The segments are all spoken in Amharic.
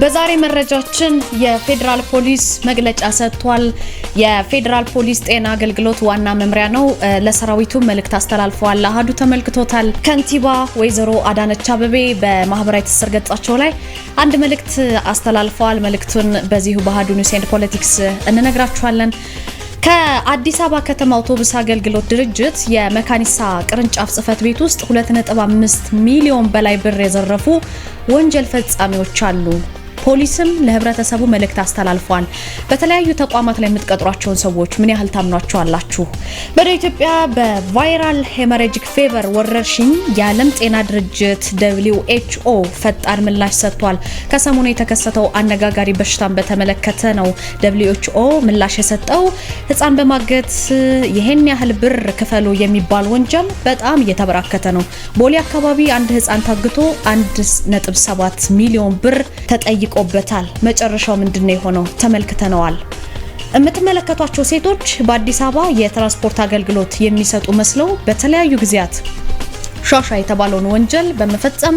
በዛሬ መረጃችን የፌዴራል ፖሊስ መግለጫ ሰጥቷል። የፌዴራል ፖሊስ ጤና አገልግሎት ዋና መምሪያ ነው ለሰራዊቱ መልእክት አስተላልፈዋል። አሀዱ ተመልክቶታል። ከንቲባ ወይዘሮ አዳነች አበቤ በማህበራዊ ትስስር ገጻቸው ላይ አንድ መልእክት አስተላልፈዋል። መልእክቱን በዚሁ በአህዱ ኒውስ ኤንድ ፖለቲክስ እንነግራችኋለን። ከአዲስ አበባ ከተማ አውቶቡስ አገልግሎት ድርጅት የመካኒሳ ቅርንጫፍ ጽህፈት ቤት ውስጥ 2.5 ሚሊዮን በላይ ብር የዘረፉ ወንጀል ፈጻሚዎች አሉ። ፖሊስም ለህብረተሰቡ መልእክት አስተላልፏል። በተለያዩ ተቋማት ላይ የምትቀጥሯቸውን ሰዎች ምን ያህል ታምኗቸው አላችሁ? ወደ ኢትዮጵያ በቫይራል ሄመሬጂክ ፌቨር ወረርሽኝ የዓለም ጤና ድርጅት ደብሊው ኤች ኦ ፈጣን ምላሽ ሰጥቷል። ከሰሞኑ የተከሰተው አነጋጋሪ በሽታን በተመለከተ ነው ደብሊው ኤች ኦ ምላሽ የሰጠው። ህፃን በማገት ይህን ያህል ብር ክፈሉ የሚባል ወንጀል በጣም እየተበራከተ ነው። ቦሌ አካባቢ አንድ ህፃን ታግቶ 1.7 ሚሊዮን ብር ተጠይቆ ተደብቆበታል። መጨረሻው ምንድን ነው የሆነው? ተመልክተነዋል። የምትመለከቷቸው ሴቶች በአዲስ አበባ የትራንስፖርት አገልግሎት የሚሰጡ መስለው በተለያዩ ጊዜያት ሻሻ የተባለውን ወንጀል በመፈጸም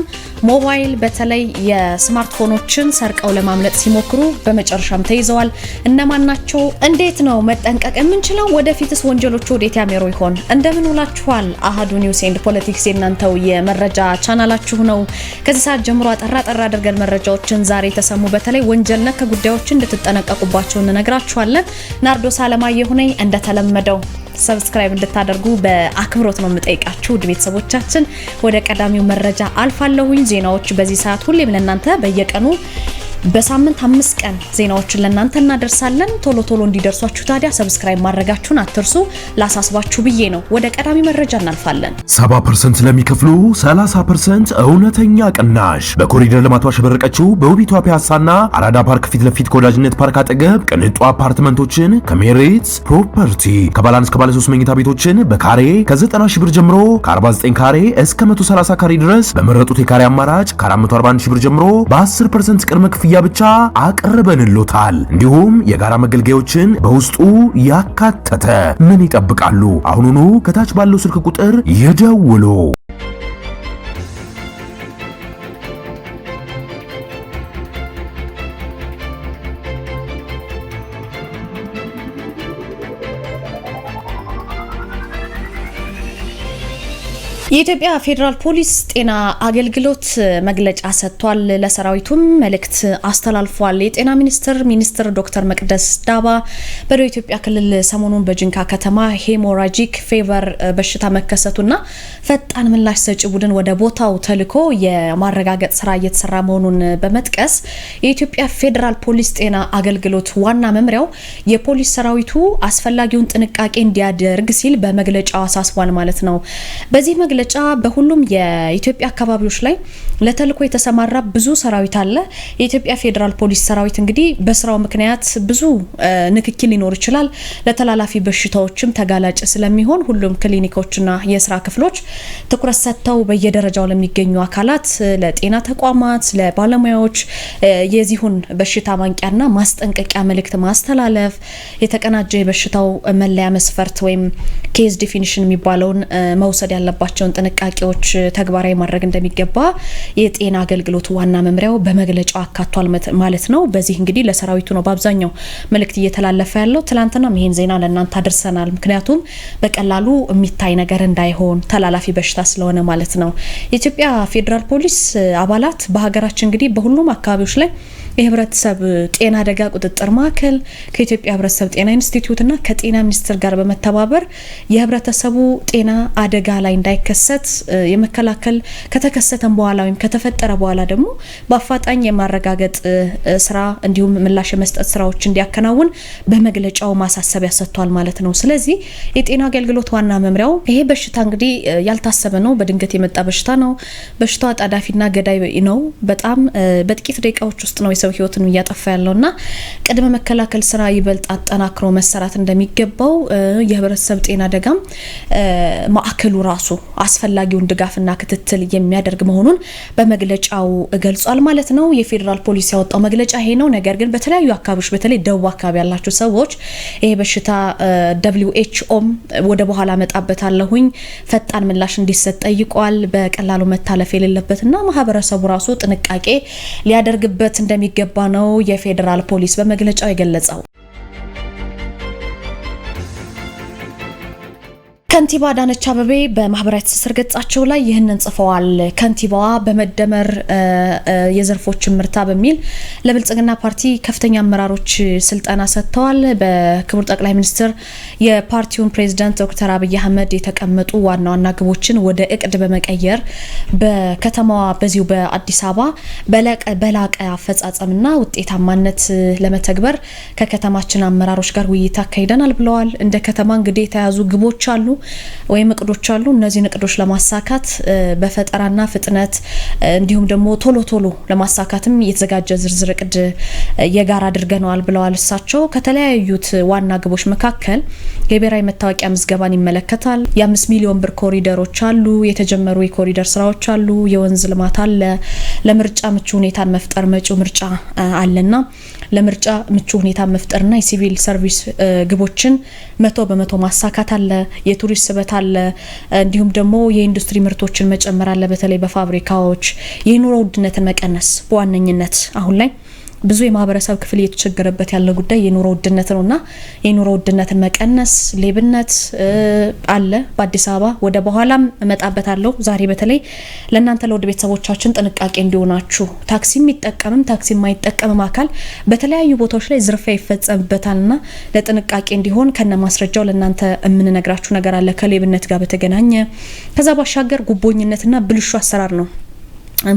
ሞባይል በተለይ የስማርትፎኖችን ሰርቀው ለማምለጥ ሲሞክሩ በመጨረሻም ተይዘዋል። እነማን ናቸው? እንዴት ነው መጠንቀቅ የምንችለው? ወደፊትስ ወንጀሎቹ ወዴት ያሜሩ ይሆን? እንደምን ውላችኋል። አሀዱ ኒውስ ኤንድ ፖለቲክስ የእናንተው የመረጃ ቻናላችሁ ነው። ከዚህ ሰዓት ጀምሮ አጠራ ጠራ አድርገን መረጃዎችን ዛሬ የተሰሙ በተለይ ወንጀል ነክ ጉዳዮችን እንድትጠነቀቁባቸው እንነግራችኋለን። ናርዶስ አለማየሁ ነኝ እንደተለመደው ሰብስክራይብ እንድታደርጉ በአክብሮት ነው የምጠይቃችሁ ውድ ቤተሰቦቻችን። ወደ ቀዳሚው መረጃ አልፋለሁኝ። ዜናዎች በዚህ ሰዓት ሁሌም ለእናንተ በየቀኑ በሳምንት አምስት ቀን ዜናዎችን ለእናንተ እናደርሳለን። ቶሎ ቶሎ እንዲደርሷችሁ ታዲያ ሰብስክራይብ ማድረጋችሁን አትርሱ። ላሳስባችሁ ብዬ ነው። ወደ ቀዳሚ መረጃ እናልፋለን። 70 ፐርሰንት ለሚከፍሉ 30 ፐርሰንት እውነተኛ ቅናሽ በኮሪደር ልማቷ ያሸበረቀችው በውቢቷ ፒያሳና አራዳ ፓርክ ፊት ለፊት ከወዳጅነት ፓርክ አጠገብ ቅንጡ አፓርትመንቶችን ከሜሪትስ ፕሮፐርቲ ከባለ ባለ 3 መኝታ ቤቶችን በካሬ ከ90 ሺህ ብር ጀምሮ ከ49 ካሬ እስከ 130 ካሬ ድረስ በመረጡት የካሬ አማራጭ ከ441 ሺህ ብር ጀምሮ በ10 ፐርሰንት ቅድመ ክፍያ ብቻ አቅርበንሎታል። እንዲሁም የጋራ መገልገያዎችን በውስጡ ያካተተ ምን ይጠብቃሉ? አሁኑኑ ከታች ባለው ስልክ ቁጥር ይደውሉ። የኢትዮጵያ ፌዴራል ፖሊስ ጤና አገልግሎት መግለጫ ሰጥቷል። ለሰራዊቱም መልእክት አስተላልፏል። የጤና ሚኒስቴር ሚኒስትር ዶክተር መቅደስ ዳባ ኢትዮጵያ ክልል ሰሞኑን በጅንካ ከተማ ሄሞራጂክ ፌቨር በሽታ መከሰቱና ፈጣን ምላሽ ሰጪ ቡድን ወደ ቦታው ተልኮ የማረጋገጥ ስራ እየተሰራ መሆኑን በመጥቀስ የኢትዮጵያ ፌዴራል ፖሊስ ጤና አገልግሎት ዋና መምሪያው የፖሊስ ሰራዊቱ አስፈላጊውን ጥንቃቄ እንዲያደርግ ሲል በመግለጫው አሳስቧል ማለት ነው። በዚህ መግለ መግለጫ በሁሉም የኢትዮጵያ አካባቢዎች ላይ ለተልኮ የተሰማራ ብዙ ሰራዊት አለ። የኢትዮጵያ ፌዴራል ፖሊስ ሰራዊት እንግዲህ በስራው ምክንያት ብዙ ንክኪ ሊኖር ይችላል። ለተላላፊ በሽታዎችም ተጋላጭ ስለሚሆን ሁሉም ክሊኒኮችና የስራ ክፍሎች ትኩረት ሰጥተው በየደረጃው ለሚገኙ አካላት፣ ለጤና ተቋማት፣ ለባለሙያዎች የዚሁን በሽታ ማንቂያና ማስጠንቀቂያ መልእክት ማስተላለፍ የተቀናጀ የበሽታው መለያ መስፈርት ወይም ኬዝ ዲፊኒሽን የሚባለውን መውሰድ ያለባቸውን ጥንቃቄዎች ተግባራዊ ማድረግ እንደሚገባ የጤና አገልግሎት ዋና መምሪያው በመግለጫው አካቷል ማለት ነው። በዚህ እንግዲህ ለሰራዊቱ ነው በአብዛኛው መልእክት እየተላለፈ ያለው። ትላንትና ይህን ዜና ለእናንተ አድርሰናል። ምክንያቱም በቀላሉ የሚታይ ነገር እንዳይሆን ተላላፊ በሽታ ስለሆነ ማለት ነው። የኢትዮጵያ ፌዴራል ፖሊስ አባላት በሀገራችን እንግዲህ በሁሉም አካባቢዎች ላይ የህብረተሰብ ጤና አደጋ ቁጥጥር ማዕከል ከኢትዮጵያ ህብረተሰብ ጤና ኢንስቲትዩትና ከጤና ሚኒስቴር ጋር በመተባበር የህብረተሰቡ ጤና አደጋ ላይ እንዳይከሰት የመከላከል ከተከሰተም በኋላ ወይም ከተፈጠረ በኋላ ደግሞ በአፋጣኝ የማረጋገጥ ስራ እንዲሁም ምላሽ የመስጠት ስራዎች እንዲያከናውን በመግለጫው ማሳሰቢያ ሰጥቷል ማለት ነው። ስለዚህ የጤና አገልግሎት ዋና መምሪያው ይሄ በሽታ እንግዲህ ያልታሰበ ነው፣ በድንገት የመጣ በሽታ ነው። በሽታው አጣዳፊና ገዳይ ነው። በጣም በጥቂት ደቂቃዎች ውስጥ ነው የሰው ህይወትን እያጠፋ ያለው ቅድመ መከላከል ስራ ይበልጥ አጠናክሮ መሰራት እንደሚገባው የህብረተሰብ ጤና ደጋም ማዕከሉ ራሱ አስፈላጊውን ድጋፍና ክትትል የሚያደርግ መሆኑን በመግለጫው ገልጿል ማለት ነው። የፌዴራል ፖሊስ ያወጣው መግለጫ ይሄ ነው። ነገር ግን በተለያዩ አካባቢዎች በተለይ ደቡብ አካባቢ ያላቸው ሰዎች ይሄ በሽታ ደብሊው ኤች ኦም ወደ በኋላ መጣበታለሁኝ ፈጣን ምላሽ እንዲሰጥ ጠይቋል። በቀላሉ መታለፍ የሌለበትና ማህበረሰቡ ራሱ ጥንቃቄ ሊያደርግበት እንደሚ እንደሚገባ ነው የፌዴራል ፖሊስ በመግለጫው የገለጸው። ከንቲባ አዳነች አበቤ በማህበራዊ ትስስር ገጻቸው ላይ ይህንን ጽፈዋል። ከንቲባዋ በመደመር የዘርፎች ምርታ በሚል ለብልጽግና ፓርቲ ከፍተኛ አመራሮች ስልጠና ሰጥተዋል። በክቡር ጠቅላይ ሚኒስትር የፓርቲውን ፕሬዚዳንት ዶክተር አብይ አህመድ የተቀመጡ ዋና ዋና ግቦችን ወደ እቅድ በመቀየር በከተማዋ በዚሁ በአዲስ አበባ በላቀ አፈጻጸምና ውጤታማነት ለመተግበር ከከተማችን አመራሮች ጋር ውይይት አካሂደናል ብለዋል። እንደ ከተማ እንግዲህ የተያዙ ግቦች አሉ ወይም እቅዶች አሉ። እነዚህን እቅዶች ለማሳካት በፈጠራና ፍጥነት እንዲሁም ደግሞ ቶሎ ቶሎ ለማሳካትም የተዘጋጀ ዝርዝር እቅድ የጋራ አድርገነዋል ብለዋል። እሳቸው ከተለያዩት ዋና ግቦች መካከል የብሔራዊ መታወቂያ ምዝገባን ይመለከታል። የአምስት ሚሊዮን ብር ኮሪደሮች አሉ። የተጀመሩ የኮሪደር ስራዎች አሉ። የወንዝ ልማት አለ። ለምርጫ ምቹ ሁኔታን መፍጠር መጪው ምርጫ አለና ለምርጫ ምቹ ሁኔታ መፍጠርና የሲቪል ሰርቪስ ግቦችን መቶ በመቶ ማሳካት አለ፣ የቱሪስት ስበት አለ፣ እንዲሁም ደግሞ የኢንዱስትሪ ምርቶችን መጨመር አለ። በተለይ በፋብሪካዎች የኑሮ ውድነትን መቀነስ በዋነኝነት አሁን ላይ ብዙ የማህበረሰብ ክፍል እየተቸገረበት ያለ ጉዳይ የኑሮ ውድነት ነው እና የኑሮ ውድነትን መቀነስ፣ ሌብነት አለ በአዲስ አበባ ወደ በኋላም እመጣበት አለው። ዛሬ በተለይ ለእናንተ ለውድ ቤተሰቦቻችን ጥንቃቄ እንዲሆናችሁ ታክሲ የሚጠቀምም ታክሲ የማይጠቀምም አካል በተለያዩ ቦታዎች ላይ ዝርፊያ ይፈጸምበታል እና ለጥንቃቄ እንዲሆን ከነ ማስረጃው ለእናንተ የምንነግራችሁ ነገር አለ ከሌብነት ጋር በተገናኘ ከዛ ባሻገር ጉቦኝነትና ብልሹ አሰራር ነው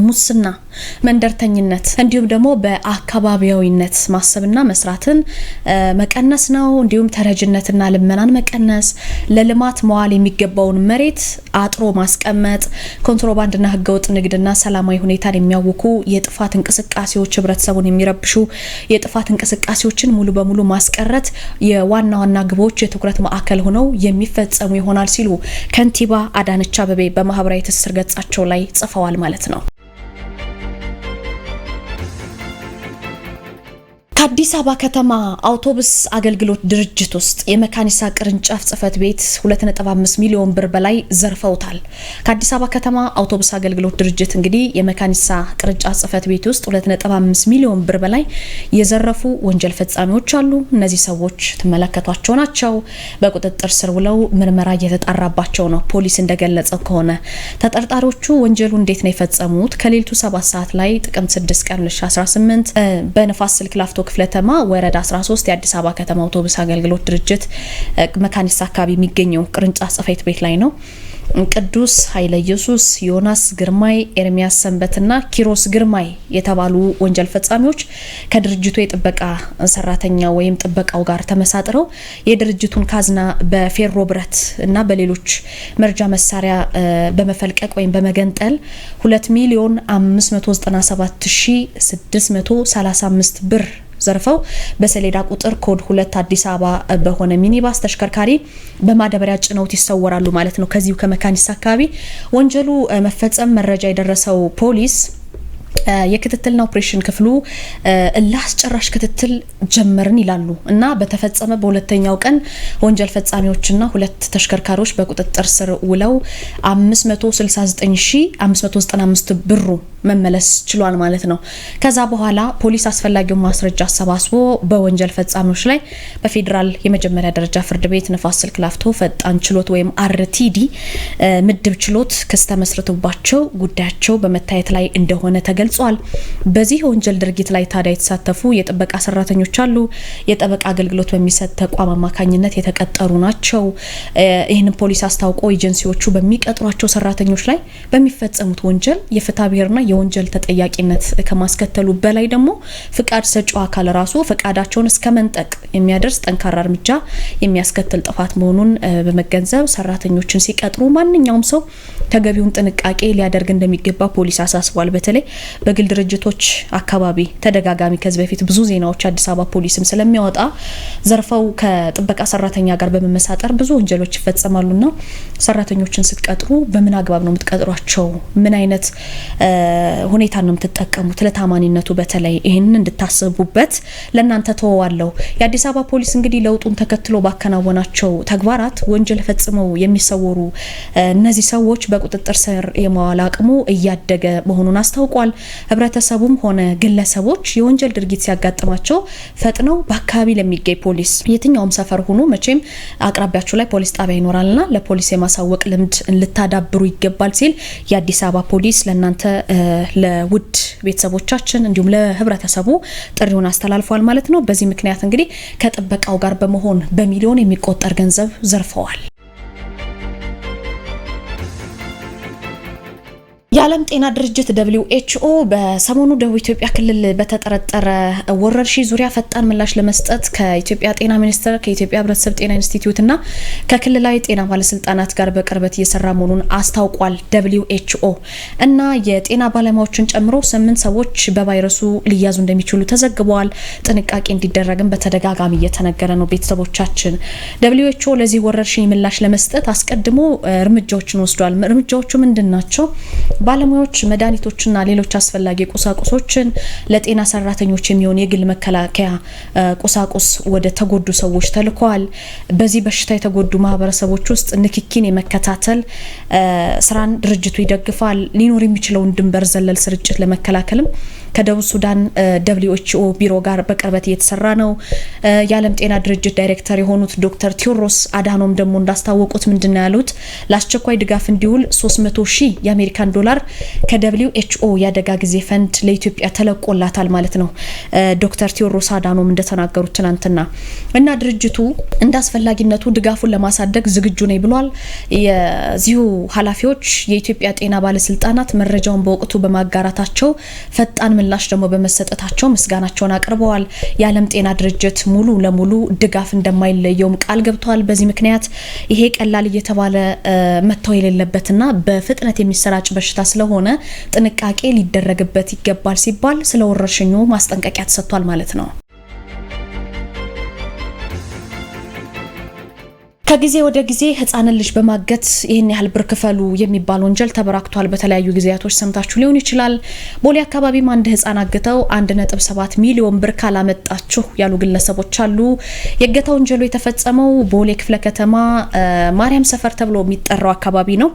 ሙስና፣ መንደርተኝነት እንዲሁም ደግሞ በአካባቢያዊነት ማሰብና መስራትን መቀነስ ነው። እንዲሁም ተረጅነትና ልመናን መቀነስ፣ ለልማት መዋል የሚገባውን መሬት አጥሮ ማስቀመጥ፣ ኮንትሮባንድና ህገወጥ ንግድና ሰላማዊ ሁኔታን የሚያውኩ የጥፋት እንቅስቃሴዎች፣ ህብረተሰቡን የሚረብሹ የጥፋት እንቅስቃሴዎችን ሙሉ በሙሉ ማስቀረት የዋና ዋና ግቦች የትኩረት ማዕከል ሆነው የሚፈጸሙ ይሆናል ሲሉ ከንቲባ አዳነች አበቤ በማህበራዊ ትስስር ገጻቸው ላይ ጽፈዋል ማለት ነው። ከአዲስ አበባ ከተማ አውቶቡስ አገልግሎት ድርጅት ውስጥ የመካኒሳ ቅርንጫፍ ጽህፈት ቤት 2.5 ሚሊዮን ብር በላይ ዘርፈውታል። ከአዲስ አበባ ከተማ አውቶቡስ አገልግሎት ድርጅት እንግዲህ የመካኒሳ ቅርንጫፍ ጽህፈት ቤት ውስጥ 2.5 ሚሊዮን ብር በላይ የዘረፉ ወንጀል ፈጻሚዎች አሉ። እነዚህ ሰዎች ትመለከቷቸው ናቸው። በቁጥጥር ስር ውለው ምርመራ እየተጣራባቸው ነው። ፖሊስ እንደገለጸው ከሆነ ተጠርጣሪዎቹ ወንጀሉ እንዴት ነው የፈጸሙት? ከሌሊቱ 7 ሰዓት ላይ ጥቅምት 6 ቀን 2018 በንፋስ ስልክ ላፍቶ ክፍለ ከተማ ወረዳ 13 የአዲስ አበባ ከተማ አውቶቡስ አገልግሎት ድርጅት መካኒሳ አካባቢ የሚገኘው ቅርንጫፍ ጽፈት ቤት ላይ ነው። ቅዱስ ኃይለ ኢየሱስ፣ ዮናስ ግርማይ፣ ኤርሚያስ ሰንበትና ኪሮስ ግርማይ የተባሉ ወንጀል ፈጻሚዎች ከድርጅቱ የጥበቃ ሰራተኛ ወይም ጥበቃው ጋር ተመሳጥረው የድርጅቱን ካዝና በፌሮ ብረት እና በሌሎች መርጃ መሳሪያ በመፈልቀቅ ወይም በመገንጠል 2 ሚሊዮን 597 ሺ 635 ብር ዘርፈው በሰሌዳ ቁጥር ኮድ ሁለት አዲስ አበባ በሆነ ሚኒባስ ተሽከርካሪ በማዳበሪያ ጭነውት ይሰወራሉ ማለት ነው። ከዚሁ ከመካኒሳ አካባቢ ወንጀሉ መፈጸም መረጃ የደረሰው ፖሊስ የክትትልና ኦፕሬሽን ክፍሉ እላስጨራሽ ክትትል ጀመርን ይላሉ እና በተፈጸመ በሁለተኛው ቀን ወንጀል ፈጻሚዎችና ሁለት ተሽከርካሪዎች በቁጥጥር ስር ውለው 569595 ብሩ መመለስ ችሏል ማለት ነው። ከዛ በኋላ ፖሊስ አስፈላጊውን ማስረጃ አሰባስቦ በወንጀል ፈጻሚዎች ላይ በፌዴራል የመጀመሪያ ደረጃ ፍርድ ቤት ንፋስ ስልክ ላፍቶ ፈጣን ችሎት ወይም አርቲዲ ምድብ ችሎት ክስ ተመስርቶባቸው ጉዳያቸው በመታየት ላይ እንደሆነ ተገልጿል። በዚህ ወንጀል ድርጊት ላይ ታዲያ የተሳተፉ የጥበቃ ሰራተኞች አሉ። የጠበቃ አገልግሎት በሚሰጥ ተቋም አማካኝነት የተቀጠሩ ናቸው። ይህንን ፖሊስ አስታውቆ ኤጀንሲዎቹ በሚቀጥሯቸው ሰራተኞች ላይ በሚፈጸሙት ወንጀል የፍትሐ ብሔርና የወንጀል ተጠያቂነት ከማስከተሉ በላይ ደግሞ ፍቃድ ሰጪው አካል ራሱ ፈቃዳቸውን እስከ መንጠቅ የሚያደርስ ጠንካራ እርምጃ የሚያስከትል ጥፋት መሆኑን በመገንዘብ ሰራተኞችን ሲቀጥሩ ማንኛውም ሰው ተገቢውን ጥንቃቄ ሊያደርግ እንደሚገባ ፖሊስ አሳስቧል። በተለይ በግል ድርጅቶች አካባቢ ተደጋጋሚ ከዚህ በፊት ብዙ ዜናዎች አዲስ አበባ ፖሊስም ስለሚያወጣ ዘርፈው ከጥበቃ ሰራተኛ ጋር በመመሳጠር ብዙ ወንጀሎች ይፈጸማሉና ሰራተኞችን ስትቀጥሩ በምን አግባብ ነው የምትቀጥሯቸው? ምን አይነት ሁኔታ ነው የምትጠቀሙት። ለታማኒነቱ በተለይ ይህንን እንድታስቡበት ለእናንተ ተወዋለሁ። የአዲስ አበባ ፖሊስ እንግዲህ ለውጡን ተከትሎ ባከናወናቸው ተግባራት ወንጀል ፈጽመው የሚሰወሩ እነዚህ ሰዎች በቁጥጥር ስር የመዋል አቅሙ እያደገ መሆኑን አስታውቋል። ህብረተሰቡም ሆነ ግለሰቦች የወንጀል ድርጊት ሲያጋጥማቸው ፈጥነው በአካባቢ ለሚገኝ ፖሊስ የትኛውም ሰፈር ሁኑ፣ መቼም አቅራቢያችሁ ላይ ፖሊስ ጣቢያ ይኖራልና ለፖሊስ የማሳወቅ ልምድ ልታዳብሩ ይገባል ሲል የአዲስ አበባ ፖሊስ ለእናንተ ለውድ ቤተሰቦቻችን እንዲሁም ለህብረተሰቡ ጥሪውን አስተላልፏል ማለት ነው። በዚህ ምክንያት እንግዲህ ከጥበቃው ጋር በመሆን በሚሊዮን የሚቆጠር ገንዘብ ዘርፈዋል። የዓለም ጤና ድርጅት ደብሊው ኤችኦ በሰሞኑ ደቡብ ኢትዮጵያ ክልል በተጠረጠረ ወረርሽኝ ዙሪያ ፈጣን ምላሽ ለመስጠት ከኢትዮጵያ ጤና ሚኒስቴር ከኢትዮጵያ ሕብረተሰብ ጤና ኢንስቲትዩትና ከክልላዊ ጤና ባለስልጣናት ጋር በቅርበት እየሰራ መሆኑን አስታውቋል። ደብሊው ኤችኦ እና የጤና ባለሙያዎችን ጨምሮ ስምንት ሰዎች በቫይረሱ ሊያዙ እንደሚችሉ ተዘግበዋል። ጥንቃቄ እንዲደረግም በተደጋጋሚ እየተነገረ ነው። ቤተሰቦቻችን ደብሊው ኤችኦ ለዚህ ወረርሽኝ ምላሽ ለመስጠት አስቀድሞ እርምጃዎችን ወስዷል። እርምጃዎቹ ምንድን ናቸው? ባለሙያዎች መድኃኒቶችና ሌሎች አስፈላጊ ቁሳቁሶችን ለጤና ሰራተኞች የሚሆን የግል መከላከያ ቁሳቁስ ወደ ተጎዱ ሰዎች ተልከዋል። በዚህ በሽታ የተጎዱ ማህበረሰቦች ውስጥ ንክኪን የመከታተል ስራን ድርጅቱ ይደግፋል። ሊኖር የሚችለውን ድንበር ዘለል ስርጭት ለመከላከልም ከደቡብ ሱዳን ደብሊውኤችኦ ቢሮ ጋር በቅርበት እየተሰራ ነው። የዓለም ጤና ድርጅት ዳይሬክተር የሆኑት ዶክተር ቴዎድሮስ አድሃኖም ደግሞ እንዳስታወቁት ምንድን ነው ያሉት ለአስቸኳይ ድጋፍ እንዲውል 300 ሺህ የአሜሪካን ዶላር ከደብሊውኤችኦ የአደጋ ጊዜ ፈንድ ለኢትዮጵያ ተለቆላታል ማለት ነው። ዶክተር ቴዎድሮስ አድሃኖም እንደተናገሩት ትናንትና እና ድርጅቱ እንደ አስፈላጊነቱ ድጋፉን ለማሳደግ ዝግጁ ነኝ ብሏል። የዚሁ ኃላፊዎች የኢትዮጵያ ጤና ባለስልጣናት መረጃውን በወቅቱ በማጋራታቸው ፈጣን ምላሽ ደግሞ በመሰጠታቸው ምስጋናቸውን አቅርበዋል። የዓለም ጤና ድርጅት ሙሉ ለሙሉ ድጋፍ እንደማይለየውም ቃል ገብተዋል። በዚህ ምክንያት ይሄ ቀላል እየተባለ መተው የሌለበትና በፍጥነት የሚሰራጭ በሽታ ስለሆነ ጥንቃቄ ሊደረግበት ይገባል ሲባል ስለ ወረርሽኙ ማስጠንቀቂያ ተሰጥቷል ማለት ነው። ከጊዜ ወደ ጊዜ ህፃንን ልጅ በማገት ይህን ያህል ብር ክፈሉ የሚባል ወንጀል ተበራክቷል። በተለያዩ ጊዜያቶች ሰምታችሁ ሊሆን ይችላል። ቦሌ አካባቢም አንድ ህፃን አግተው 1.7 ሚሊዮን ብር ካላመጣችሁ ያሉ ግለሰቦች አሉ። የእገታ ወንጀሉ የተፈጸመው ቦሌ ክፍለ ከተማ ማርያም ሰፈር ተብሎ የሚጠራው አካባቢ ነው።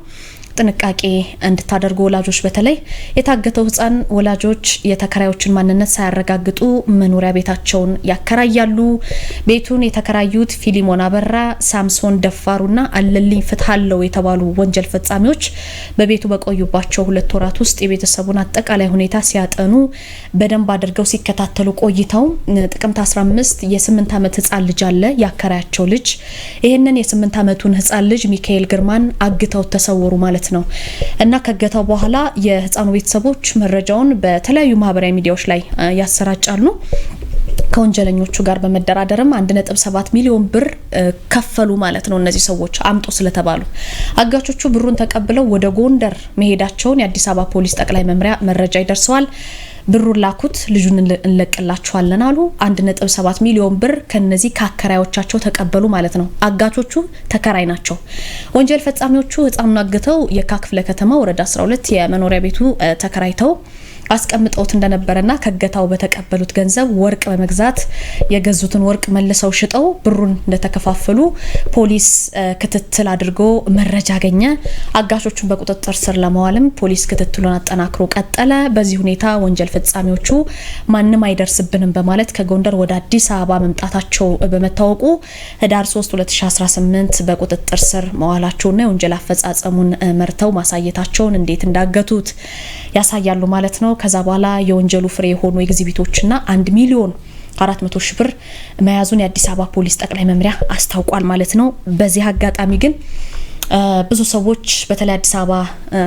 ጥንቃቄ እንድታደርጉ ወላጆች በተለይ የታገተው ህፃን ወላጆች የተከራዮችን ማንነት ሳያረጋግጡ መኖሪያ ቤታቸውን ያከራያሉ። ቤቱን የተከራዩት ፊሊሞን አበራ፣ ሳምሶን ደፋሩና አለልኝ ፍትሃለው የተባሉ ወንጀል ፈጻሚዎች በቤቱ በቆዩባቸው ሁለት ወራት ውስጥ የቤተሰቡን አጠቃላይ ሁኔታ ሲያጠኑ በደንብ አድርገው ሲከታተሉ ቆይተው ጥቅምት 15 የስምንት ዓመት ህፃን ልጅ አለ ያከራያቸው ልጅ ይህንን የስምንት ዓመቱን ህፃን ልጅ ሚካኤል ግርማን አግተው ተሰወሩ ማለት ማለት ነው እና ከገታው በኋላ የህፃኑ ቤተሰቦች መረጃውን በተለያዩ ማህበራዊ ሚዲያዎች ላይ ያሰራጫሉ። ከወንጀለኞቹ ጋር በመደራደርም 1.7 ሚሊዮን ብር ከፈሉ ማለት ነው። እነዚህ ሰዎች አምጦ ስለተባሉ አጋቾቹ ብሩን ተቀብለው ወደ ጎንደር መሄዳቸውን የአዲስ አበባ ፖሊስ ጠቅላይ መምሪያ መረጃ ይደርሰዋል። ብሩን ላኩት፣ ልጁን እንለቅላችኋለን አሉ። 1.7 ሚሊዮን ብር ከነዚህ ከአከራዮቻቸው ተቀበሉ ማለት ነው። አጋቾቹ ተከራይ ናቸው። ወንጀል ፈጻሚዎቹ ህፃኑን አግተው የካ ክፍለ ከተማ ወረዳ 12 የመኖሪያ ቤቱ ተከራይተው አስቀምጠውት እንደነበረና ከገታው በተቀበሉት ገንዘብ ወርቅ በመግዛት የገዙትን ወርቅ መልሰው ሽጠው ብሩን እንደተከፋፈሉ ፖሊስ ክትትል አድርጎ መረጃ አገኘ። አጋሾቹን በቁጥጥር ስር ለማዋልም ፖሊስ ክትትሉን አጠናክሮ ቀጠለ። በዚህ ሁኔታ ወንጀል ፈጻሚዎቹ ማንም አይደርስብንም በማለት ከጎንደር ወደ አዲስ አበባ መምጣታቸው በመታወቁ ህዳር 3 2018 በቁጥጥር ስር መዋላቸውና የወንጀል አፈጻጸሙን መርተው ማሳየታቸውን እንዴት እንዳገቱት ያሳያሉ ማለት ነው። ከዛ በኋላ የወንጀሉ ፍሬ የሆኑ ኤግዚቢቶችና አንድ ሚሊዮን አራት መቶ ሺህ ብር መያዙን የአዲስ አበባ ፖሊስ ጠቅላይ መምሪያ አስታውቋል ማለት ነው። በዚህ አጋጣሚ ግን ብዙ ሰዎች በተለይ አዲስ አበባ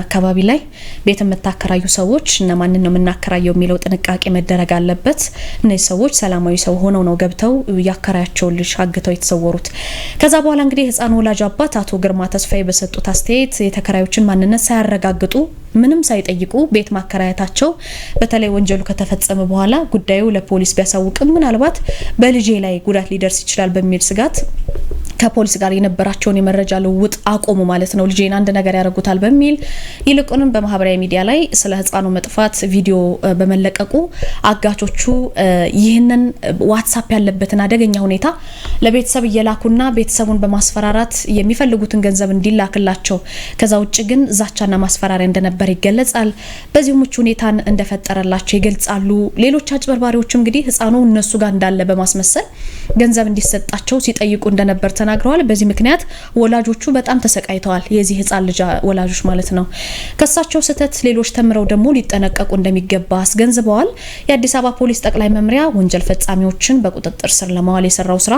አካባቢ ላይ ቤት የምታከራዩ ሰዎች እነማንን ነው የምናከራየው የሚለው ጥንቃቄ መደረግ አለበት። እነዚህ ሰዎች ሰላማዊ ሰው ሆነው ነው ገብተው ያከራያቸውን ልጅ አግተው የተሰወሩት። ከዛ በኋላ እንግዲህ ህፃን ወላጅ አባት አቶ ግርማ ተስፋዬ በሰጡት አስተያየት የተከራዮችን ማንነት ሳያረጋግጡ ምንም ሳይጠይቁ ቤት ማከራየታቸው በተለይ ወንጀሉ ከተፈጸመ በኋላ ጉዳዩ ለፖሊስ ቢያሳውቅም ምናልባት በልጄ ላይ ጉዳት ሊደርስ ይችላል በሚል ስጋት ከፖሊስ ጋር የነበራቸውን የመረጃ ልውውጥ አቆሙ ማለት ነው። ልጄን አንድ ነገር ያደርጉታል በሚል ይልቁንም በማህበራዊ ሚዲያ ላይ ስለ ህፃኑ መጥፋት ቪዲዮ በመለቀቁ አጋቾቹ ይህንን ዋትሳፕ ያለበትን አደገኛ ሁኔታ ለቤተሰብ እየላኩና ቤተሰቡን በማስፈራራት የሚፈልጉትን ገንዘብ እንዲላክላቸው ከዛ ውጭ ግን ዛቻና ማስፈራሪያ እንደነበር ይገለጻል። በዚሁም ምቹ ሁኔታን እንደፈጠረላቸው ይገልጻሉ። ሌሎች አጭበርባሪዎች እንግዲህ ህፃኑ እነሱ ጋር እንዳለ በማስመሰል ገንዘብ እንዲሰጣቸው ሲጠይቁ እንደነበር ተናግረዋል። በዚህ ምክንያት ወላጆቹ በጣም ተሰቃይተዋል። የዚህ ህጻን ልጅ ወላጆች ማለት ነው። ከሳቸው ስህተት ሌሎች ተምረው ደግሞ ሊጠነቀቁ እንደሚገባ አስገንዝበዋል። የአዲስ አበባ ፖሊስ ጠቅላይ መምሪያ ወንጀል ፈጻሚዎችን በቁጥጥር ስር ለማዋል የሰራው ስራ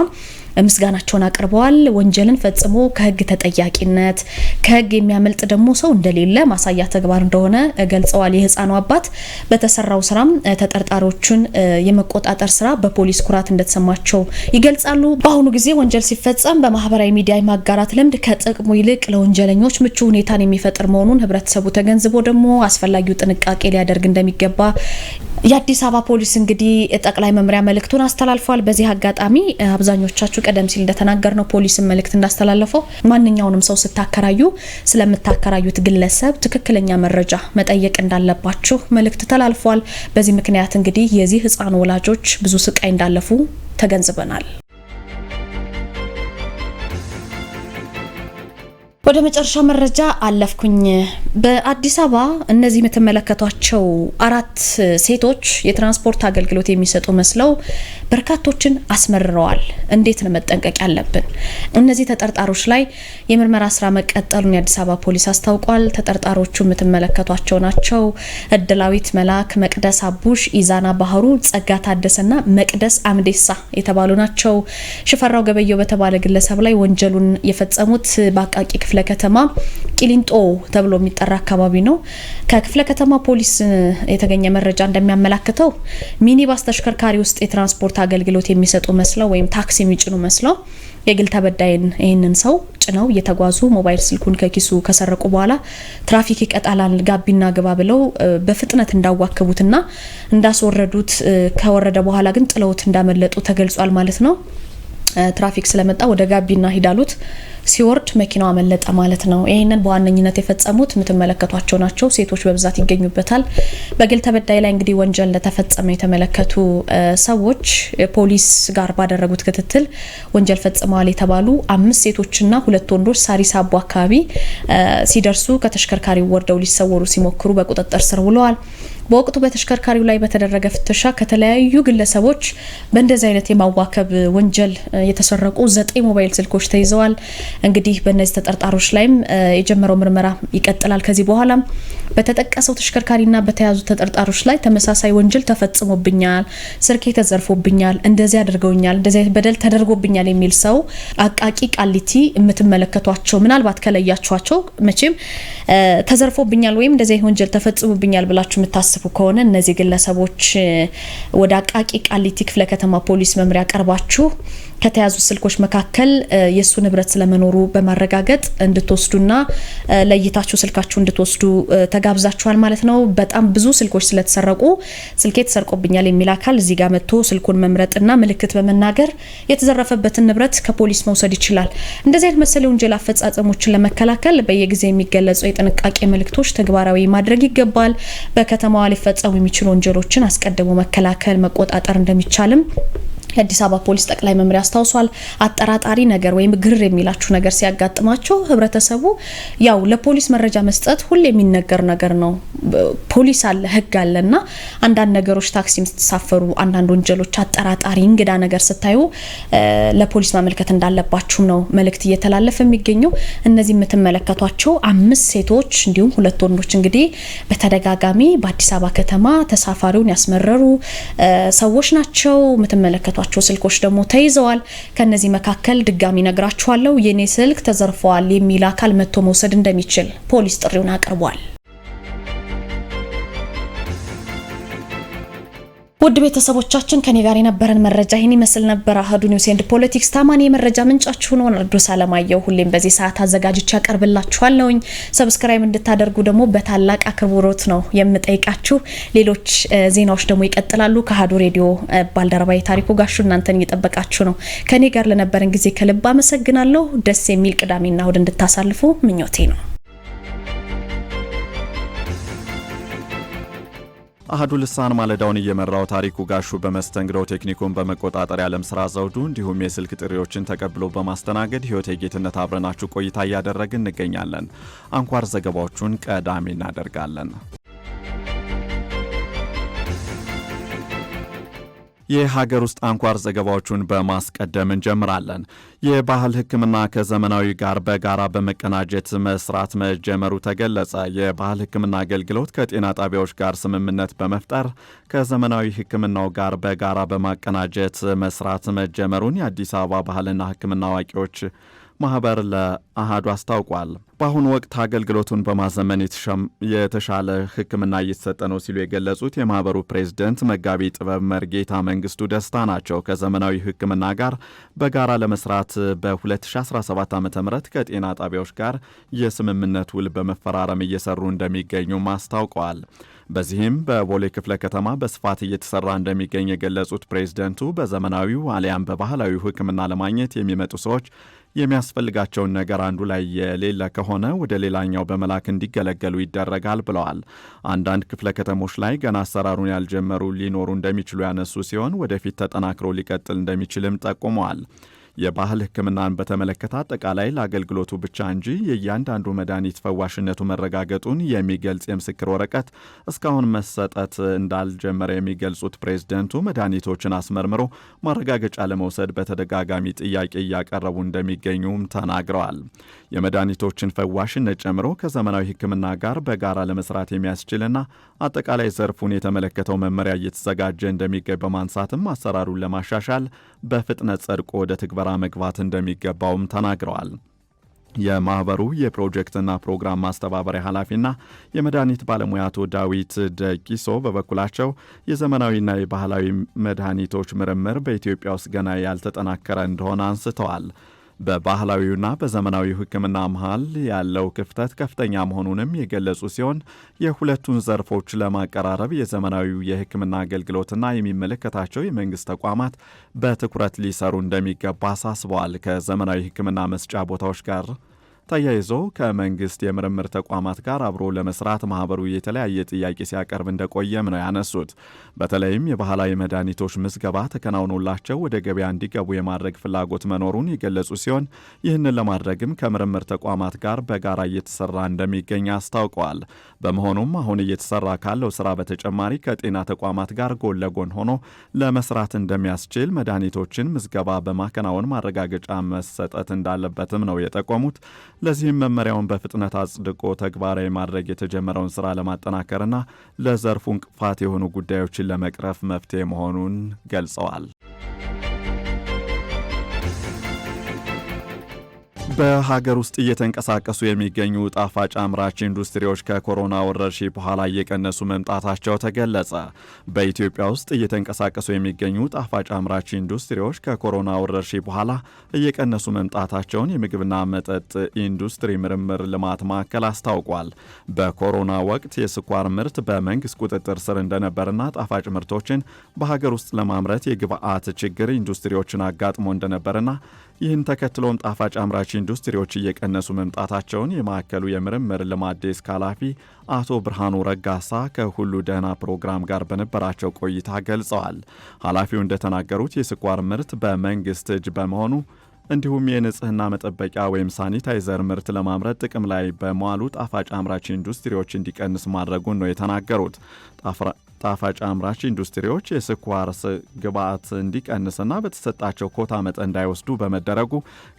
ምስጋናቸውን አቅርበዋል። ወንጀልን ፈጽሞ ከህግ ተጠያቂነት ከህግ የሚያመልጥ ደግሞ ሰው እንደሌለ ማሳያ ተግባር እንደሆነ ገልጸዋል። የህፃኑ አባት በተሰራው ስራም ተጠርጣሪዎቹን የመቆጣጠር ስራ በፖሊስ ኩራት እንደተሰማቸው ይገልጻሉ። በአሁኑ ጊዜ ወንጀል ሲፈጸም መረጃን በማህበራዊ ሚዲያ የማጋራት ልምድ ከጥቅሙ ይልቅ ለወንጀለኞች ምቹ ሁኔታን የሚፈጥር መሆኑን ህብረተሰቡ ተገንዝቦ ደግሞ አስፈላጊው ጥንቃቄ ሊያደርግ እንደሚገባ የአዲስ አበባ ፖሊስ እንግዲህ ጠቅላይ መምሪያ መልእክቱን አስተላልፏል። በዚህ አጋጣሚ አብዛኞቻችሁ ቀደም ሲል እንደተናገር ነው ፖሊስን መልእክት እንዳስተላለፈው ማንኛውንም ሰው ስታከራዩ ስለምታከራዩት ግለሰብ ትክክለኛ መረጃ መጠየቅ እንዳለባችሁ መልእክት ተላልፏል። በዚህ ምክንያት እንግዲህ የዚህ ህፃን ወላጆች ብዙ ስቃይ እንዳለፉ ተገንዝበናል። ወደ መጨረሻ መረጃ አለፍኩኝ። በአዲስ አበባ እነዚህ የምትመለከቷቸው አራት ሴቶች የትራንስፖርት አገልግሎት የሚሰጡ መስለው በርካቶችን አስመርረዋል። እንዴት ነው መጠንቀቅ ያለብን? እነዚህ ተጠርጣሮች ላይ የምርመራ ስራ መቀጠሉን የአዲስ አበባ ፖሊስ አስታውቋል። ተጠርጣሮቹ የምትመለከቷቸው ናቸው። እድላዊት መላክ፣ መቅደስ አቡሽ፣ ኢዛና ባህሩ፣ ጸጋ ታደሰና መቅደስ አምዴሳ የተባሉ ናቸው። ሽፈራው ገበየው በተባለ ግለሰብ ላይ ወንጀሉን የፈጸሙት በአቃቂ ክፍለ ከተማ ቂሊንጦ ተብሎ የሚጠራ አካባቢ ነው። ከክፍለ ከተማ ፖሊስ የተገኘ መረጃ እንደሚያመላክተው ሚኒባስ ተሽከርካሪ ውስጥ የትራንስፖርት አገልግሎት የሚሰጡ መስለው ወይም ታክሲ የሚጭኑ መስለው የግል ተበዳይን ይህንን ሰው ጭነው እየተጓዙ ሞባይል ስልኩን ከኪሱ ከሰረቁ በኋላ ትራፊክ ይቀጣላል ጋቢና ግባ ብለው በፍጥነት እንዳዋከቡትና እንዳስወረዱት ከወረደ በኋላ ግን ጥለውት እንዳመለጡ ተገልጿል ማለት ነው። ትራፊክ ስለመጣ ወደ ጋቢና ሂዳሉት ሲወርድ መኪናዋ መለጠ ማለት ነው። ይህንን በዋነኝነት የፈጸሙት የምትመለከቷቸው ናቸው። ሴቶች በብዛት ይገኙበታል። በግል ተበዳይ ላይ እንግዲህ ወንጀል ለተፈጸመ የተመለከቱ ሰዎች ፖሊስ ጋር ባደረጉት ክትትል ወንጀል ፈጽመዋል የተባሉ አምስት ሴቶችና ሁለት ወንዶች ሳሪስ አቦ አካባቢ ሲደርሱ ከተሽከርካሪ ወርደው ሊሰወሩ ሲሞክሩ በቁጥጥር ስር ውለዋል። በወቅቱ በተሽከርካሪው ላይ በተደረገ ፍተሻ ከተለያዩ ግለሰቦች በእንደዚህ አይነት የማዋከብ ወንጀል የተሰረቁ ዘጠኝ ሞባይል ስልኮች ተይዘዋል። እንግዲህ በእነዚህ ተጠርጣሮች ላይም የጀመረው ምርመራ ይቀጥላል። ከዚህ በኋላም በተጠቀሰው ተሽከርካሪና በተያዙ ተጠርጣሮች ላይ ተመሳሳይ ወንጀል ተፈጽሞብኛል፣ ስርኬ ተዘርፎብኛል፣ እንደዚህ አድርገውኛል፣ እንደዚህ በደል ተደርጎብኛል የሚል ሰው አቃቂ ቃሊቲ የምትመለከቷቸው ምናልባት ከለያችኋቸው መቼም ተዘርፎብኛል ወይም እንደዚህ ወንጀል ተፈጽሞብኛል ብላችሁ የምታስቡ የሚያስቡ ከሆነ እነዚህ ግለሰቦች ወደ አቃቂ ቃሊቲ ክፍለ ከተማ ፖሊስ መምሪያ ቀርባችሁ ከተያዙ ስልኮች መካከል የእሱ ንብረት ስለመኖሩ በማረጋገጥ እንድትወስዱና ለይታችሁ ስልካችሁ እንድትወስዱ ተጋብዛችኋል ማለት ነው። በጣም ብዙ ስልኮች ስለተሰረቁ ስልኬ ተሰርቆብኛል የሚል አካል እዚህ ጋር መጥቶ ስልኩን መምረጥና ምልክት በመናገር የተዘረፈበትን ንብረት ከፖሊስ መውሰድ ይችላል። እንደዚህ አይነት መሰል የወንጀል አፈጻጸሞችን ለመከላከል በየጊዜ የሚገለጹ የጥንቃቄ ምልክቶች ተግባራዊ ማድረግ ይገባል። በከተማዋ ሊፈጸሙ የሚችሉ ወንጀሎችን አስቀድሞ መከላከል፣ መቆጣጠር እንደሚቻልም የአዲስ አበባ ፖሊስ ጠቅላይ መምሪያ አስታውሷል። አጠራጣሪ ነገር ወይም ግር የሚላችሁ ነገር ሲያጋጥማቸው ህብረተሰቡ ያው ለፖሊስ መረጃ መስጠት ሁሌ የሚነገር ነገር ነው። ፖሊስ አለ፣ ህግ አለ እና አንዳንድ ነገሮች ታክሲ ስትሳፈሩ፣ አንዳንድ ወንጀሎች፣ አጠራጣሪ እንግዳ ነገር ስታዩ ለፖሊስ ማመልከት እንዳለባችሁም ነው መልእክት እየተላለፈ የሚገኘው። እነዚህ የምትመለከቷቸው አምስት ሴቶች እንዲሁም ሁለት ወንዶች እንግዲህ በተደጋጋሚ በአዲስ አበባ ከተማ ተሳፋሪውን ያስመረሩ ሰዎች ናቸው የምትመለከቷቸው ያሏቸው ስልኮች ደግሞ ተይዘዋል። ከነዚህ መካከል ድጋሚ ነግራችኋለሁ፣ የኔ ስልክ ተዘርፈዋል የሚል አካል መጥቶ መውሰድ እንደሚችል ፖሊስ ጥሪውን አቅርቧል። ውድ ቤተሰቦቻችን ከኔ ጋር የነበረን መረጃ ይህን ይመስል ነበር። አህዱ ኒውስ ኤንድ ፖለቲክስ ታማኒ የመረጃ ምንጫችሁን ሆን ቅዱስ አለማየሁ ሁሌም በዚህ ሰዓት አዘጋጅቼ ያቀርብላችኋለሁኝ። ሰብስክራይብ እንድታደርጉ ደግሞ በታላቅ አክብሮት ነው የምጠይቃችሁ። ሌሎች ዜናዎች ደግሞ ይቀጥላሉ። ከአህዱ ሬዲዮ ባልደረባ የታሪኩ ጋሹ እናንተን እየጠበቃችሁ ነው። ከኔ ጋር ለነበረን ጊዜ ከልብ አመሰግናለሁ። ደስ የሚል ቅዳሜና እሁድ እንድታሳልፉ ምኞቴ ነው። አህዱ ልሳን ማለዳውን እየመራው ታሪኩ ጋሹ በመስተንግዶ ቴክኒኩን በመቆጣጠር የዓለም ስራ ዘውዱ እንዲሁም የስልክ ጥሪዎችን ተቀብሎ በማስተናገድ ህይወት የጌትነት አብረናችሁ ቆይታ እያደረግን እንገኛለን። አንኳር ዘገባዎቹን ቀዳሚ እናደርጋለን። የሀገር ውስጥ አንኳር ዘገባዎቹን በማስቀደም እንጀምራለን። የባህል ሕክምና ከዘመናዊ ጋር በጋራ በመቀናጀት መስራት መጀመሩ ተገለጸ። የባህል ሕክምና አገልግሎት ከጤና ጣቢያዎች ጋር ስምምነት በመፍጠር ከዘመናዊ ሕክምናው ጋር በጋራ በማቀናጀት መስራት መጀመሩን የአዲስ አበባ ባህልና ሕክምና አዋቂዎች ማህበር ለአሃዱ አስታውቋል። በአሁኑ ወቅት አገልግሎቱን በማዘመን የተሻለ ሕክምና እየተሰጠ ነው ሲሉ የገለጹት የማህበሩ ፕሬዝደንት መጋቢ ጥበብ መርጌታ መንግስቱ ደስታ ናቸው። ከዘመናዊ ሕክምና ጋር በጋራ ለመስራት በ2017 ዓ ም ከጤና ጣቢያዎች ጋር የስምምነት ውል በመፈራረም እየሰሩ እንደሚገኙም አስታውቀዋል። በዚህም በቦሌ ክፍለ ከተማ በስፋት እየተሰራ እንደሚገኝ የገለጹት ፕሬዝደንቱ በዘመናዊው አሊያም በባህላዊ ሕክምና ለማግኘት የሚመጡ ሰዎች የሚያስፈልጋቸውን ነገር አንዱ ላይ የሌለ ከሆነ ወደ ሌላኛው በመላክ እንዲገለገሉ ይደረጋል ብለዋል። አንዳንድ ክፍለ ከተሞች ላይ ገና አሰራሩን ያልጀመሩ ሊኖሩ እንደሚችሉ ያነሱ ሲሆን ወደፊት ተጠናክሮ ሊቀጥል እንደሚችልም ጠቁመዋል። የባህል ሕክምናን በተመለከተ አጠቃላይ ለአገልግሎቱ ብቻ እንጂ የእያንዳንዱ መድኃኒት ፈዋሽነቱ መረጋገጡን የሚገልጽ የምስክር ወረቀት እስካሁን መሰጠት እንዳልጀመረ የሚገልጹት ፕሬዝደንቱ መድኃኒቶችን አስመርምሮ ማረጋገጫ ለመውሰድ በተደጋጋሚ ጥያቄ እያቀረቡ እንደሚገኙም ተናግረዋል። የመድኃኒቶችን ፈዋሽነት ጨምሮ ከዘመናዊ ሕክምና ጋር በጋራ ለመስራት የሚያስችልና አጠቃላይ ዘርፉን የተመለከተው መመሪያ እየተዘጋጀ እንደሚገኝ በማንሳትም አሰራሩን ለማሻሻል በፍጥነት ጸድቆ ወደ ትግበራ ስራ መግባት እንደሚገባውም ተናግረዋል። የማህበሩ የፕሮጀክትና ፕሮግራም ማስተባበሪያ ኃላፊና የመድኃኒት ባለሙያ አቶ ዳዊት ደቂሶ በበኩላቸው የዘመናዊና የባህላዊ መድኃኒቶች ምርምር በኢትዮጵያ ውስጥ ገና ያልተጠናከረ እንደሆነ አንስተዋል። በባህላዊውና በዘመናዊው ሕክምና መሀል ያለው ክፍተት ከፍተኛ መሆኑንም የገለጹ ሲሆን የሁለቱን ዘርፎች ለማቀራረብ የዘመናዊው የሕክምና አገልግሎትና የሚመለከታቸው የመንግስት ተቋማት በትኩረት ሊሰሩ እንደሚገባ አሳስበዋል። ከዘመናዊ ሕክምና መስጫ ቦታዎች ጋር ተያይዞ ከመንግስት የምርምር ተቋማት ጋር አብሮ ለመስራት ማህበሩ የተለያየ ጥያቄ ሲያቀርብ እንደቆየም ነው ያነሱት። በተለይም የባህላዊ መድኃኒቶች ምዝገባ ተከናውኖላቸው ወደ ገበያ እንዲገቡ የማድረግ ፍላጎት መኖሩን የገለጹ ሲሆን ይህንን ለማድረግም ከምርምር ተቋማት ጋር በጋራ እየተሰራ እንደሚገኝ አስታውቀዋል። በመሆኑም አሁን እየተሰራ ካለው ስራ በተጨማሪ ከጤና ተቋማት ጋር ጎን ለጎን ሆኖ ለመስራት እንደሚያስችል መድኃኒቶችን ምዝገባ በማከናወን ማረጋገጫ መሰጠት እንዳለበትም ነው የጠቆሙት። ለዚህም መመሪያውን በፍጥነት አጽድቆ ተግባራዊ ማድረግ የተጀመረውን ስራ ለማጠናከርና ለዘርፉ እንቅፋት የሆኑ ጉዳዮችን ለመቅረፍ መፍትሄ መሆኑን ገልጸዋል። በሀገር ውስጥ እየተንቀሳቀሱ የሚገኙ ጣፋጭ አምራች ኢንዱስትሪዎች ከኮሮና ወረርሽኝ በኋላ እየቀነሱ መምጣታቸው ተገለጸ። በኢትዮጵያ ውስጥ እየተንቀሳቀሱ የሚገኙ ጣፋጭ አምራች ኢንዱስትሪዎች ከኮሮና ወረርሽኝ በኋላ እየቀነሱ መምጣታቸውን የምግብና መጠጥ ኢንዱስትሪ ምርምር ልማት ማዕከል አስታውቋል። በኮሮና ወቅት የስኳር ምርት በመንግስት ቁጥጥር ስር እንደነበርና ጣፋጭ ምርቶችን በሀገር ውስጥ ለማምረት የግብአት ችግር ኢንዱስትሪዎችን አጋጥሞ እንደነበርና ይህን ተከትሎም ጣፋጭ አምራች ኢንዱስትሪዎች እየቀነሱ መምጣታቸውን የማዕከሉ የምርምር ልማት ዴስክ ኃላፊ አቶ ብርሃኑ ረጋሳ ከሁሉ ደህና ፕሮግራም ጋር በነበራቸው ቆይታ ገልጸዋል። ኃላፊው እንደተናገሩት የስኳር ምርት በመንግስት እጅ በመሆኑ እንዲሁም የንጽህና መጠበቂያ ወይም ሳኒታይዘር ምርት ለማምረት ጥቅም ላይ በመዋሉ ጣፋጭ አምራች ኢንዱስትሪዎች እንዲቀንስ ማድረጉን ነው የተናገሩት። ጣፋጭ አምራች ኢንዱስትሪዎች የስኳር ግብአት እንዲቀንስና በተሰጣቸው ኮታ መጠን እንዳይወስዱ በመደረጉ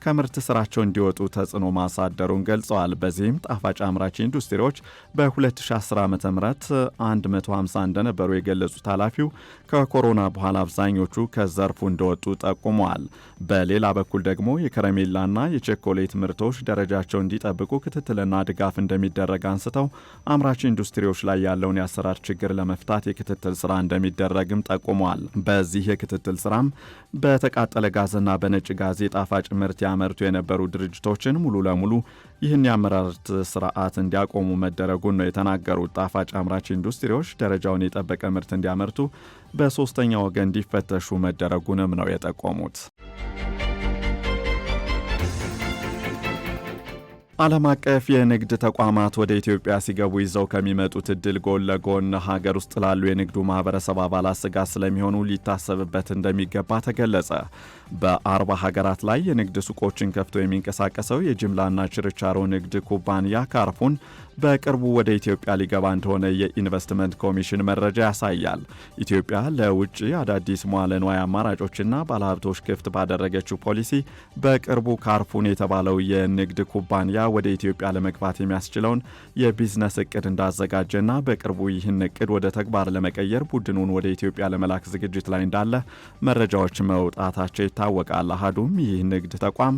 ከምርት ስራቸው እንዲወጡ ተጽዕኖ ማሳደሩን ገልጸዋል። በዚህም ጣፋጭ አምራች ኢንዱስትሪዎች በ2010 ዓ ም 150 እንደነበሩ የገለጹት ኃላፊው ከኮሮና በኋላ አብዛኞቹ ከዘርፉ እንደወጡ ጠቁመዋል። በሌላ በኩል ደግሞ የከረሜላና የቸኮሌት ምርቶች ደረጃቸው እንዲጠብቁ ክትትልና ድጋፍ እንደሚደረግ አንስተው አምራች ኢንዱስትሪዎች ላይ ያለውን የአሰራር ችግር ለመፍታት የክትትል ስራ እንደሚደረግም ጠቁመዋል። በዚህ የክትትል ስራም በተቃጠለ ጋዝና በነጭ ጋዝ የጣፋጭ ምርት ያመርቱ የነበሩ ድርጅቶችን ሙሉ ለሙሉ ይህን የአመራርት ስርዓት እንዲያቆሙ መደረጉን ነው የተናገሩት። ጣፋጭ አምራች ኢንዱስትሪዎች ደረጃውን የጠበቀ ምርት እንዲያመርቱ በሶስተኛ ወገን እንዲፈተሹ መደረጉንም ነው የጠቆሙት። ዓለም አቀፍ የንግድ ተቋማት ወደ ኢትዮጵያ ሲገቡ ይዘው ከሚመጡት እድል ጎን ለጎን ሀገር ውስጥ ላሉ የንግዱ ማህበረሰብ አባላት ስጋት ስለሚሆኑ ሊታሰብበት እንደሚገባ ተገለጸ። በአርባ ሀገራት ላይ የንግድ ሱቆችን ከፍቶ የሚንቀሳቀሰው የጅምላና ችርቻሮ ንግድ ኩባንያ ካርፉን በቅርቡ ወደ ኢትዮጵያ ሊገባ እንደሆነ የኢንቨስትመንት ኮሚሽን መረጃ ያሳያል። ኢትዮጵያ ለውጭ አዳዲስ መዋለ ንዋይ አማራጮችና ባለሀብቶች ክፍት ባደረገችው ፖሊሲ በቅርቡ ካርፉን የተባለው የንግድ ኩባንያ ወደ ኢትዮጵያ ለመግባት የሚያስችለውን የቢዝነስ እቅድ እንዳዘጋጀና በቅርቡ ይህን እቅድ ወደ ተግባር ለመቀየር ቡድኑን ወደ ኢትዮጵያ ለመላክ ዝግጅት ላይ እንዳለ መረጃዎች መውጣታቸው ይታወቃል። አሀዱም ይህ ንግድ ተቋም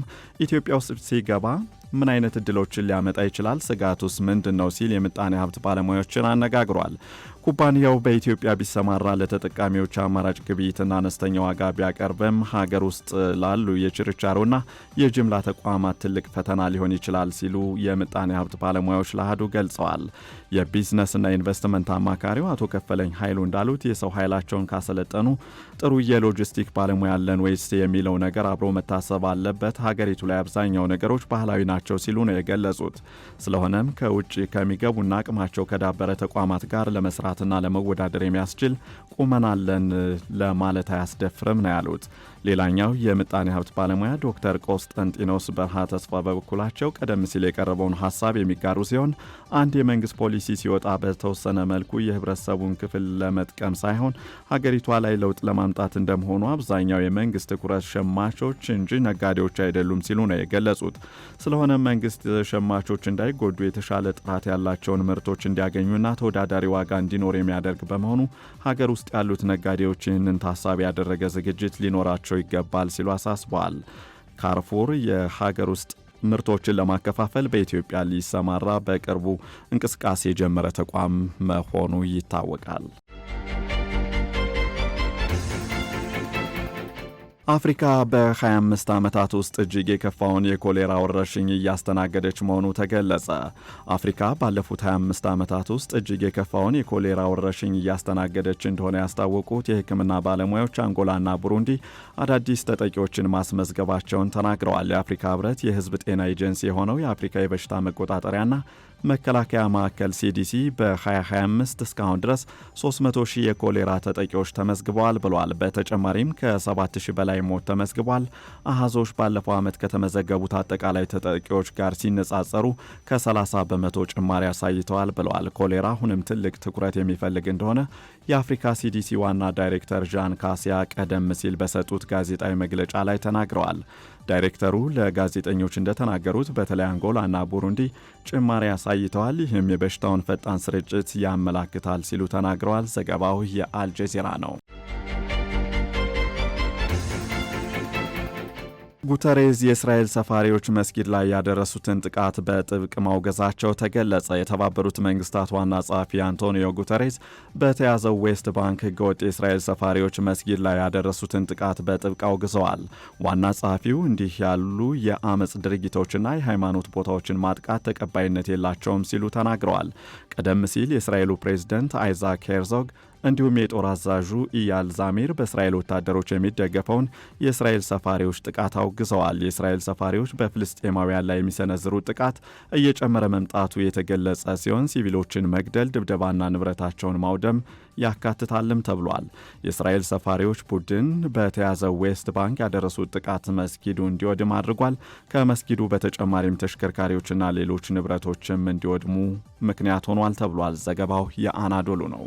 ኢትዮጵያ ውስጥ ሲገባ ምን አይነት እድሎችን ሊያመጣ ይችላል? ስጋቱስ ምንድን ነው? ሲል የምጣኔ ሀብት ባለሙያዎችን አነጋግሯል። ኩባንያው በኢትዮጵያ ቢሰማራ ለተጠቃሚዎች አማራጭ ግብይትና አነስተኛ ዋጋ ቢያቀርብም ሀገር ውስጥ ላሉ የችርቻሮና የጅምላ ተቋማት ትልቅ ፈተና ሊሆን ይችላል ሲሉ የምጣኔ ሀብት ባለሙያዎች ለአህዱ ገልጸዋል። የቢዝነስና ኢንቨስትመንት አማካሪው አቶ ከፈለኝ ኃይሉ እንዳሉት የሰው ኃይላቸውን ካሰለጠኑ ጥሩ የሎጂስቲክ ባለሙያ አለን ወይስ የሚለው ነገር አብሮ መታሰብ አለበት። ሀገሪቱ ላይ አብዛኛው ነገሮች ባህላዊ ናቸው ሲሉ ነው የገለጹት። ስለሆነም ከውጭ ከሚገቡና አቅማቸው ከዳበረ ተቋማት ጋር ለመስራት ለመውጣትና ለመወዳደር የሚያስችል ቁመናለን ለማለት አያስደፍርም ነው ያሉት። ሌላኛው የምጣኔ ሀብት ባለሙያ ዶክተር ቆስጠንጢኖስ በርሃ ተስፋ በበኩላቸው ቀደም ሲል የቀረበውን ሀሳብ የሚጋሩ ሲሆን አንድ የመንግስት ፖሊሲ ሲወጣ በተወሰነ መልኩ የህብረተሰቡን ክፍል ለመጥቀም ሳይሆን ሀገሪቷ ላይ ለውጥ ለማምጣት እንደመሆኑ አብዛኛው የመንግስት ትኩረት ሸማቾች እንጂ ነጋዴዎች አይደሉም ሲሉ ነው የገለጹት። ስለሆነ መንግስት ሸማቾች እንዳይጎዱ የተሻለ ጥራት ያላቸውን ምርቶች እንዲያገኙና ተወዳዳሪ ዋጋ እንዲኖር የሚያደርግ በመሆኑ ሀገር ውስጥ ያሉት ነጋዴዎች ይህንን ታሳቢ ያደረገ ዝግጅት ሊኖራቸው ሊኖራቸው ይገባል ሲሉ አሳስቧል። ካርፉር የሀገር ውስጥ ምርቶችን ለማከፋፈል በኢትዮጵያ ሊሰማራ በቅርቡ እንቅስቃሴ የጀመረ ተቋም መሆኑ ይታወቃል። አፍሪካ በ25 ዓመታት ውስጥ እጅግ የከፋውን የኮሌራ ወረርሽኝ እያስተናገደች መሆኑ ተገለጸ። አፍሪካ ባለፉት 25 ዓመታት ውስጥ እጅግ የከፋውን የኮሌራ ወረርሽኝ እያስተናገደች እንደሆነ ያስታወቁት የሕክምና ባለሙያዎች አንጎላና ቡሩንዲ አዳዲስ ተጠቂዎችን ማስመዝገባቸውን ተናግረዋል። የአፍሪካ ሕብረት የሕዝብ ጤና ኤጀንሲ የሆነው የአፍሪካ የበሽታ መቆጣጠሪያና መከላከያ ማዕከል ሲዲሲ በ2025 እስካሁን ድረስ 300 ሺህ የኮሌራ ተጠቂዎች ተመዝግበዋል ብሏል። በተጨማሪም ከ7 በላይ ሞት ተመዝግቧል። አሃዞች ባለፈው ዓመት ከተመዘገቡት አጠቃላይ ተጠቂዎች ጋር ሲነጻጸሩ ከ30 በመቶ ጭማሪ አሳይተዋል ብለዋል። ኮሌራ አሁንም ትልቅ ትኩረት የሚፈልግ እንደሆነ የአፍሪካ ሲዲሲ ዋና ዳይሬክተር ዣን ካሲያ ቀደም ሲል በሰጡት ጋዜጣዊ መግለጫ ላይ ተናግረዋል። ዳይሬክተሩ ለጋዜጠኞች እንደተናገሩት በተለይ አንጎላና ቡሩንዲ ጭማሪ አሳይተዋል። ይህም የበሽታውን ፈጣን ስርጭት ያመላክታል ሲሉ ተናግረዋል። ዘገባው የአልጀዚራ ነው። ጉተሬዝ የእስራኤል ሰፋሪዎች መስጊድ ላይ ያደረሱትን ጥቃት በጥብቅ ማውገዛቸው ተገለጸ። የተባበሩት መንግስታት ዋና ጸሐፊ አንቶኒዮ ጉተሬዝ በተያዘው ዌስት ባንክ ህገወጥ የእስራኤል ሰፋሪዎች መስጊድ ላይ ያደረሱትን ጥቃት በጥብቅ አውግዘዋል። ዋና ጸሐፊው እንዲህ ያሉ የአመፅ ድርጊቶችና የሃይማኖት ቦታዎችን ማጥቃት ተቀባይነት የላቸውም ሲሉ ተናግረዋል። ቀደም ሲል የእስራኤሉ ፕሬዝደንት አይዛክ ሄርዞግ እንዲሁም የጦር አዛዡ ኢያል ዛሚር በእስራኤል ወታደሮች የሚደገፈውን የእስራኤል ሰፋሪዎች ጥቃት አውግዘዋል። የእስራኤል ሰፋሪዎች በፍልስጤማውያን ላይ የሚሰነዝሩ ጥቃት እየጨመረ መምጣቱ የተገለጸ ሲሆን ሲቪሎችን መግደል፣ ድብደባና ንብረታቸውን ማውደም ያካትታልም ተብሏል። የእስራኤል ሰፋሪዎች ቡድን በተያዘው ዌስት ባንክ ያደረሱት ጥቃት መስጊዱ እንዲወድም አድርጓል። ከመስጊዱ በተጨማሪም ተሽከርካሪዎችና ሌሎች ንብረቶችም እንዲወድሙ ምክንያት ሆኗል ተብሏል። ዘገባው የአናዶሉ ነው።